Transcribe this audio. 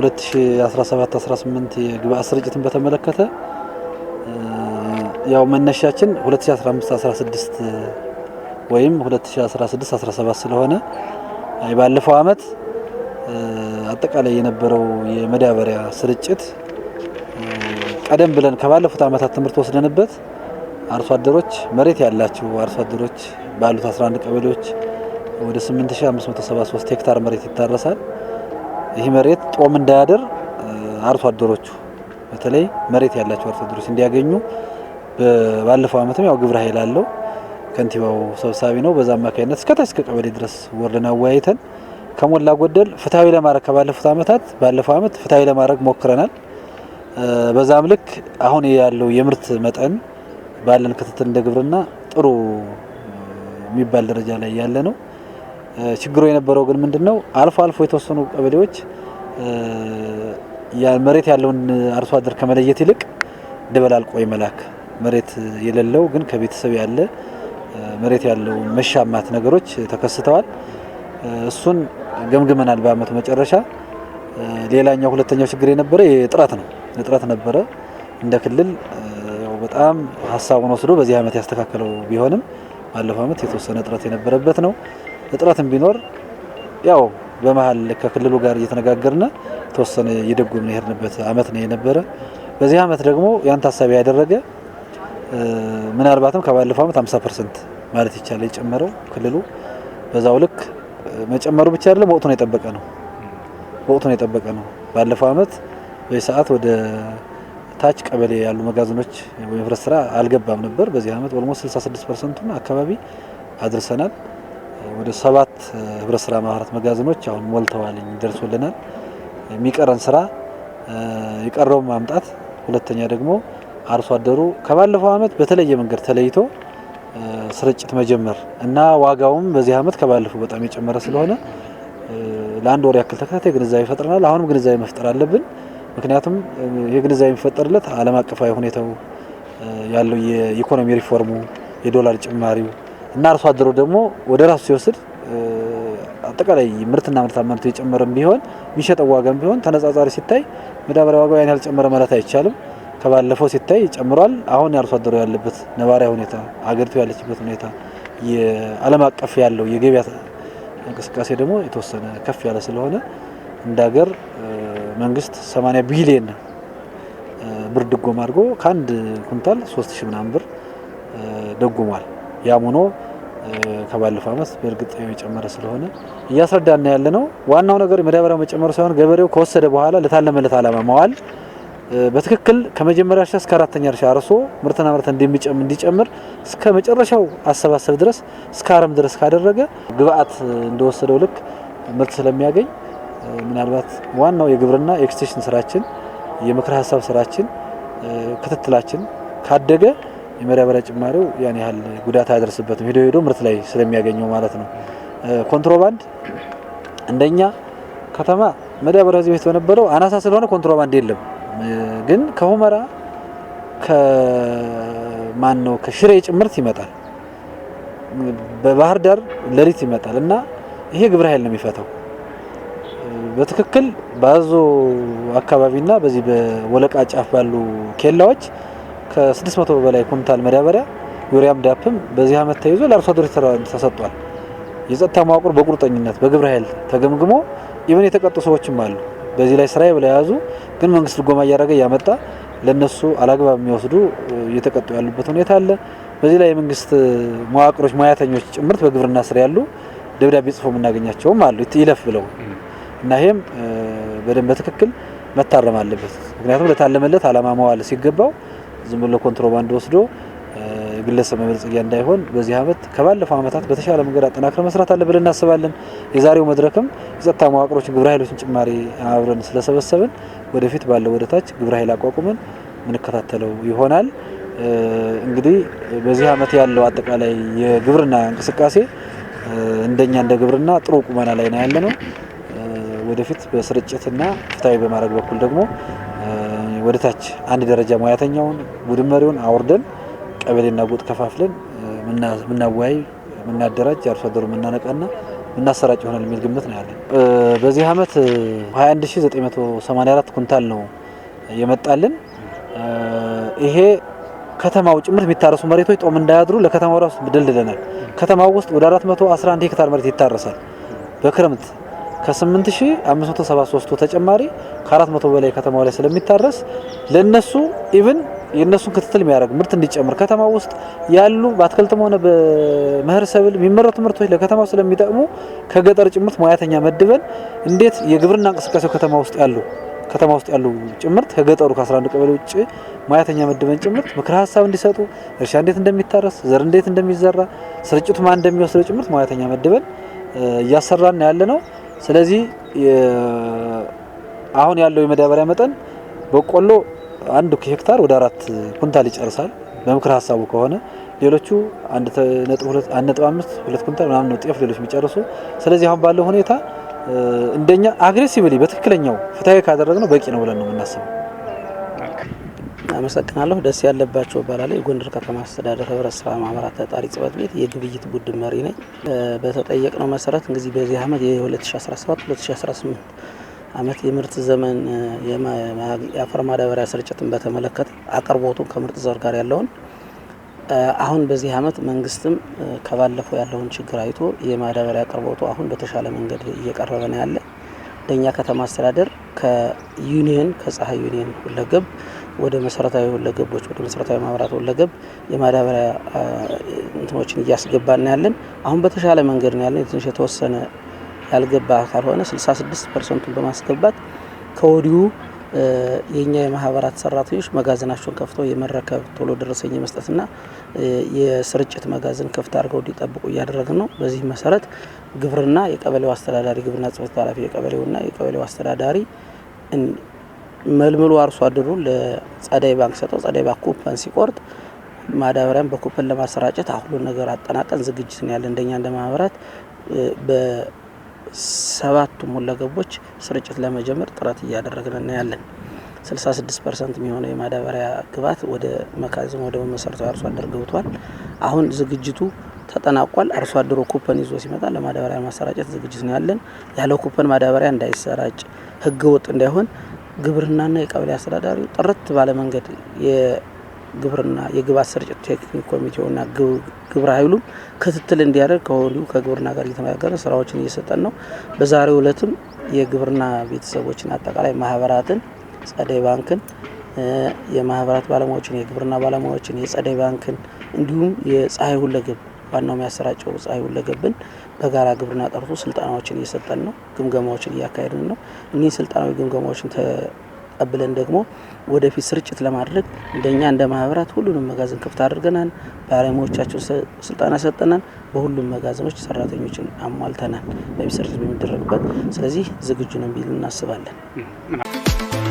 2017-18 የግብአት ስርጭትን በተመለከተ ያው መነሻችን 2015-16 ወይም 2016-17 ስለሆነ ባለፈው አመት አጠቃላይ የነበረው የመዳበሪያ ስርጭት ቀደም ብለን ከባለፉት ዓመታት ትምህርት ወስደንበት አርሶ አደሮች መሬት ያላቸው አርሶ አደሮች ባሉት 11 ቀበሌዎች ወደ 8573 ሄክታር መሬት ይታረሳል። ይህ መሬት ጦም እንዳያደር አርሶ አደሮቹ በተለይ መሬት ያላቸው አርሶ አደሮች እንዲያገኙ ባለፈው ዓመትም ያው ግብረ ኃይል አለው ከንቲባው ሰብሳቢ ነው። በዛ አማካኝነት እስከታች እስከ ቀበሌ ድረስ ወርደን አወያይተን ከሞላ ጎደል ፍትሐዊ ለማድረግ ከባለፉት ዓመታት ባለፈው ዓመት ፍትሐዊ ለማድረግ ሞክረናል። በዛም ልክ አሁን ያለው የምርት መጠን ባለን ክትትል እንደ ግብርና ጥሩ የሚባል ደረጃ ላይ ያለ ነው። ችግሩ የነበረው ግን ምንድነው አልፎ አልፎ የተወሰኑ ቀበሌዎች መሬት ያለውን አርሶ አደር ከመለየት ይልቅ ደበላልቆ የመላክ መሬት የሌለው ግን ከቤተሰብ ያለ መሬት ያለው መሻማት ነገሮች ተከስተዋል። እሱን ገምግመናል። በአመቱ መጨረሻ ሌላኛው ሁለተኛው ችግር የነበረ የጥረት ነው። እጥረት ነበረ እንደ ክልል በጣም ሀሳቡን ወስዶ በዚህ አመት ያስተካከለው ቢሆንም ባለፈው አመት የተወሰነ እጥረት የነበረበት ነው። እጥረትም ቢኖር ያው በመሀል ከክልሉ ጋር እየተነጋገርና የተወሰነ የደጎምን የሄድንበት አመት ነው የነበረ። በዚህ አመት ደግሞ ያን ታሳቢ ያደረገ ምናልባትም ከባለፈው አመት 50 ፐርሰንት ማለት ይቻላል የጨመረው ክልሉ በዛው ልክ መጨመሩ ብቻ አይደለም፣ ወቅቱን የጠበቀ ነው። ወቅቱን የጠበቀ ነው። ባለፈው አመት በዚህ ወደ ታች ቀበሌ ያሉ መጋዘኖች የመፍረስ ስራ አልገባም ነበር። በዚህ አመት ኦልሞስት 66 ፐርሰንቱን አካባቢ አድርሰናል። ወደ ሰባት ህብረት ስራ ማህበራት መጋዘኖች አሁን ሞልተዋል ደርሶልናል። የሚቀረን ስራ የቀረውን ማምጣት፣ ሁለተኛ ደግሞ አርሶ አደሩ ከባለፈው አመት በተለየ መንገድ ተለይቶ ስርጭት መጀመር እና ዋጋውም በዚህ አመት ከባለፈው በጣም የጨመረ ስለሆነ ለአንድ ወር ያክል ተከታታይ ግንዛቤ ፈጥረናል። አሁንም ግንዛቤ መፍጠር አለብን። ምክንያቱም ይህ ግንዛቤ የሚፈጠርለት አቀፋዊ ሁኔታው ያለው የኢኮኖሚ ሪፎርሙ፣ የዶላር ጭማሪው እና አርሶ አደሩ ደግሞ ወደ ራሱ ሲወስድ አጠቃላይ ምርትና ምርታማነቱ የጨመረም ቢሆን የሚሸጠው ዋጋም ቢሆን ተነጻጻሪ ሲታይ መዳበሪያ ዋጋው ያን ያልጨመረ ማለት አይቻልም። ከባለፈው ሲታይ ጨምሯል። አሁን የአርሶ አደሩ ያለበት ነባሪያ ሁኔታ፣ አገሪቱ ያለችበት ሁኔታ፣ የዓለም አቀፍ ያለው የገበያ እንቅስቃሴ ደግሞ የተወሰነ ከፍ ያለ ስለሆነ እንደ ሀገር መንግስት 80 ቢሊየን ብር ድጎም አድርጎ ከአንድ ኩንታል 3000 ምናምን ብር ደጉሟል። ያም ሆኖ ከባለፈው ዓመት በእርግጥ የጨመረ ስለሆነ እያስረዳና ያለ ነው። ዋናው ነገር የማዳበሪያው መጨመር ሳይሆን ገበሬው ከወሰደ በኋላ ለታለመለት አላማ መዋል በትክክል ከመጀመሪያ እርሻ እስከ አራተኛ እርሻ አርሶ ምርትና ምርት እንዲጨምር እስከ መጨረሻው አሰባሰብ ድረስ እስከ አረም ድረስ ካደረገ ግብአት እንደወሰደው ልክ ምርት ስለሚያገኝ ምናልባት ዋናው የግብርና ኤክስቴንሽን ስራችን የምክር ሀሳብ ስራችን ክትትላችን ካደገ የማዳበሪያ ጭማሪው ያን ያህል ጉዳት አያደርስበትም። ሄዶ ሄዶ ምርት ላይ ስለሚያገኘው ማለት ነው። ኮንትሮባንድ እንደኛ ከተማ መዳበሪያ እዚህ ቤት በነበረው አናሳ ስለሆነ ኮንትሮባንድ የለም። ግን ከሁመራ ከማን ነው ከሽሬ ጭምርት ይመጣል፣ በባህር ዳር ሌሊት ይመጣል እና ይሄ ግብረ ኃይል ነው የሚፈታው በትክክል በአዞ አካባቢና በዚህ በወለቃ ጫፍ ባሉ ኬላዎች ከ600 በላይ ኩንታል መዳበሪያ ዩሪያም ዳፕም በዚህ ዓመት ተይዞ ለአርሶ አደሮች ተሰጥቷል። የጸጥታ መዋቅር በቁርጠኝነት በግብረ ኃይል ተገምግሞ ኢቨን የተቀጡ ሰዎችም አሉ። በዚህ ላይ ስራ ብለው የያዙ ግን መንግስት ድጎማ እያደረገ እያመጣ ለነሱ አላግባብ የሚወስዱ እየተቀጡ ያሉበት ሁኔታ አለ። በዚህ ላይ የመንግስት መዋቅሮች ሙያተኞች ጭምርት በግብርና ስራ ያሉ ደብዳቤ ጽፎ የምናገኛቸውም አሉ ይለፍ ብለው እና ይሄም በደንብ በትክክል መታረም አለበት። ምክንያቱም ለታለመለት አላማ መዋል ሲገባው ዝም ብሎ ኮንትሮባንድ ወስዶ ግለሰብ መበልጸጊያ እንዳይሆን በዚህ ዓመት ከባለፈው ዓመታት በተሻለ መንገድ አጠናክረን መስራት አለ ብለን እናስባለን። የዛሬው መድረክም የጸጥታ መዋቅሮችን ግብረ ኃይሎችን ጭማሪ አብረን ስለሰበሰብን ወደፊት ባለው ወደታች ግብረ ኃይል አቋቁመን ምንከታተለው ይሆናል። እንግዲህ በዚህ ዓመት ያለው አጠቃላይ የግብርና እንቅስቃሴ እንደኛ እንደ ግብርና ጥሩ ቁመና ላይ ነው ያለ ነው። ወደፊት በስርጭትና ፍትሐዊ በማድረግ በኩል ደግሞ ወደ ታች አንድ ደረጃ ሙያተኛውን ቡድን መሪውን አውርደን ቀበሌና ጎጥ ከፋፍለን ምናወያይ ምናደራጅ አርሶ አደሩ ምናነቃና ምናሰራጭ ይሆናል የሚል ግምት ነው ያለን። በዚህ አመት 21984 ኩንታል ነው የመጣልን። ይሄ ከተማው ጭምር የሚታረሱ መሬቶች ጦም እንዳያድሩ ለከተማው ራሱ ደልድለናል። ከተማው ውስጥ ወደ 411 ሄክታር መሬት ይታረሳል በክረምት ከ 8573 ተጨማሪ ከ400 በላይ ከተማው ላይ ስለሚታረስ ለነሱ ኢቭን የነሱን ክትትል የሚያደርግ ምርት እንዲጨምር ከተማ ውስጥ ያሉ በአትክልትም ሆነ በመኸር ሰብል የሚመረቱ ምርቶች ለከተማው ስለሚጠቅሙ ከገጠር ጭምርት ሙያተኛ መድበን እንዴት የግብርና እንቅስቃሴው ከተማ ውስጥ ያሉ ከተማ ውስጥ ያሉ ጭምርት ከገጠሩ ከ11 ቀበሌ ውጭ ሙያተኛ መድበን ጭምርት ምክረ ሀሳብ እንዲሰጡ እርሻ እንዴት እንደሚታረስ፣ ዘር እንዴት እንደሚዘራ፣ ስርጭቱ ማን እንደሚወስደው ጭምርት ሙያተኛ መድበን እያሰራን ያለ ነው። ስለዚህ አሁን ያለው የመዳበሪያ መጠን በቆሎ አንድ ሄክታር ወደ አራት ኩንታል ይጨርሳል በምክር ሀሳቡ ከሆነ ሌሎቹ አንድ ነጥብ አምስት ሁለት ኩንታል ምናምን ነው ጤፍ ሌሎች የሚጨርሱ። ስለዚህ አሁን ባለው ሁኔታ እንደኛ አግሬሲቭሊ በትክክለኛው ፍትሐዊ ካደረግነው በቂ ነው ብለን ነው የምናስበው። አመሰግናለሁ። ደስ ያለባቸው እባላለሁ። የጎንደር ከተማ አስተዳደር ህብረት ስራ ማህበራት ተጣሪ ጽህፈት ቤት የግብይት ቡድን መሪ ነኝ። በተጠየቅነው መሰረት እንግዲህ በዚህ አመት የ2017 2018 የምርት ዘመን የአፈር ማዳበሪያ ስርጭትን በተመለከተ አቅርቦቱን ከምርጥ ዘር ጋር ያለውን አሁን በዚህ አመት መንግስትም ከባለፈው ያለውን ችግር አይቶ የማዳበሪያ አቅርቦቱ አሁን በተሻለ መንገድ እየቀረበ ነው ያለ ለእኛ ከተማ አስተዳደር ከዩኒየን ከፀሐይ ዩኒየን ሁለገብ ወደ መሰረታዊ ሁለገቦች ወደ መሰረታዊ ማብራት ሁለገብ የማዳበሪያ እንትኖችን እያስገባ ና ያለን አሁን በተሻለ መንገድ ነው ያለን። የትንሽ የተወሰነ ያልገባ ካልሆነ 66 ፐርሰንቱን በማስገባት ከወዲሁ የኛ የማህበራት ሰራተኞች መጋዘናቸውን ከፍተው የመረከብ ቶሎ ደረሰኝ የመስጠትና የስርጭት መጋዘን ክፍት አድርገው እንዲጠብቁ እያደረግን ነው። በዚህ መሰረት ግብርና የቀበሌው አስተዳዳሪ ግብርና ጽሕፈት ኃላፊ የቀበሌውና የቀበሌው አስተዳዳሪ መልምሎ አርሶ አደሩን ለጸደይ ባንክ ሰጠው። ጸደይ ባንክ ኩፐን ሲቆርጥ ማዳበሪያን በኩፐን ለማሰራጨት አሁሉን ነገር አጠናቀን ዝግጅት ያለ እንደኛ እንደ ማህበራት ሰባቱም ሁለገቦች ስርጭት ለመጀመር ጥረት እያደረግን እናያለን። 66 ፐርሰንት የሚሆነው የማዳበሪያ ግብዓት ወደ መካዝን ወደ መሰረታዊ አርሶ አደር ገብቷል። አሁን ዝግጅቱ ተጠናቋል። አርሶ አደሩ ኩፐን ይዞ ሲመጣ ለማዳበሪያ ማሰራጨት ዝግጅት ነው ያለን። ያለው ኩፐን ማዳበሪያ እንዳይሰራጭ ህገ ወጥ እንዳይሆን ግብርናና የቀበሌ አስተዳዳሪው ጥርት ባለ መንገድ ግብርና የግብአት ስርጭት ቴክኒክ ኮሚቴውና ግብረ ኃይሉም ክትትል እንዲያደርግ ከወዲሁ ከግብርና ጋር እየተነጋገረ ስራዎችን እየሰጠን ነው። በዛሬው ዕለትም የግብርና ቤተሰቦችን አጠቃላይ ማህበራትን፣ ጸደይ ባንክን፣ የማህበራት ባለሙያዎችን፣ የግብርና ባለሙያዎችን፣ የጸደይ ባንክን እንዲሁም የፀሐይ ሁለገብ ዋናው የሚያሰራጨው ፀሐይ ሁለገብን በጋራ ግብርና ጠርቶ ስልጠናዎችን እየሰጠን ነው። ግምገማዎችን እያካሄድን ነው። እኒህ ስልጠናዊ ግምገማዎችን ተቀብለን ደግሞ ወደፊት ስርጭት ለማድረግ እንደኛ እንደ ማህበራት ሁሉንም መጋዘን ክፍት አድርገናል። ባለሙያዎቻችን ስልጠና ሰጠናል። በሁሉም መጋዘኖች ሰራተኞችን አሟልተናል ለሚሰርጭት በሚደረግበት። ስለዚህ ዝግጁ ነው የሚል እናስባለን።